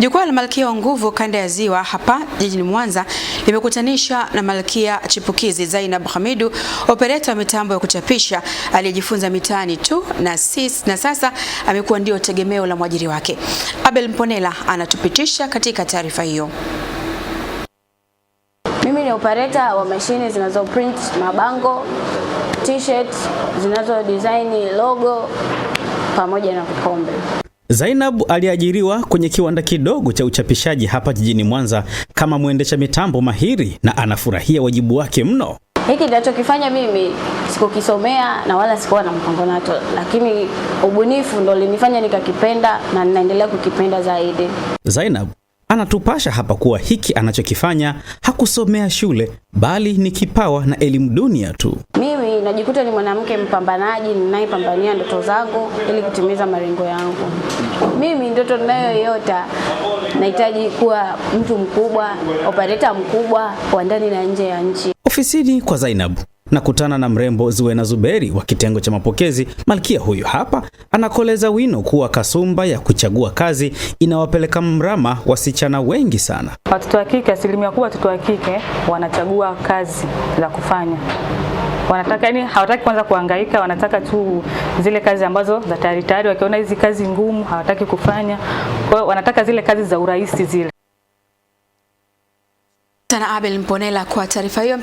Jukwaa la Malkia wa Nguvu Kanda ya Ziwa hapa jijini Mwanza limekutanisha na Malkia Chipukizi Zainab Hamidu, opereta wa mitambo ya kuchapisha aliyejifunza mitaani tu na, sis, na sasa amekuwa ndio tegemeo la mwajiri wake. Abel Mponela anatupitisha katika taarifa hiyo. Mimi ni opereta wa mashine print mabango, t-shirt, zinazo design logo pamoja na vikombe. Zainab aliajiriwa kwenye kiwanda kidogo cha uchapishaji hapa jijini Mwanza kama mwendesha mitambo mahiri na anafurahia wajibu wake mno. Hiki ninachokifanya mimi sikukisomea na wala sikuwa na mpango nacho, lakini ubunifu ndo linifanya nikakipenda na ninaendelea kukipenda zaidi. Zainab anatupasha hapa kuwa hiki anachokifanya hakusomea shule bali ni kipawa na elimu dunia tu mimi najikuta ni mwanamke mpambanaji ninayepambania ndoto zangu ili kutimiza malengo yangu. Mimi ndoto ninayoiota nahitaji kuwa mtu mkubwa, operator mkubwa wa ndani na nje ya nchi. Ofisini kwa Zainabu nakutana na mrembo zuena Zuberi wa kitengo cha mapokezi. Malkia huyu hapa anakoleza wino kuwa kasumba ya kuchagua kazi inawapeleka mrama wasichana wengi sana. Watoto wa kike, asilimia kubwa watoto wa kike wanachagua kazi za kufanya wanataka yani, hawataki kwanza kuhangaika, wanataka tu zile kazi ambazo za tayari tayari, wakiona hizi kazi ngumu hawataki kufanya. Kwa hiyo wanataka zile kazi za urahisi zile. Tana Abel Mponela kwa taarifa hiyo.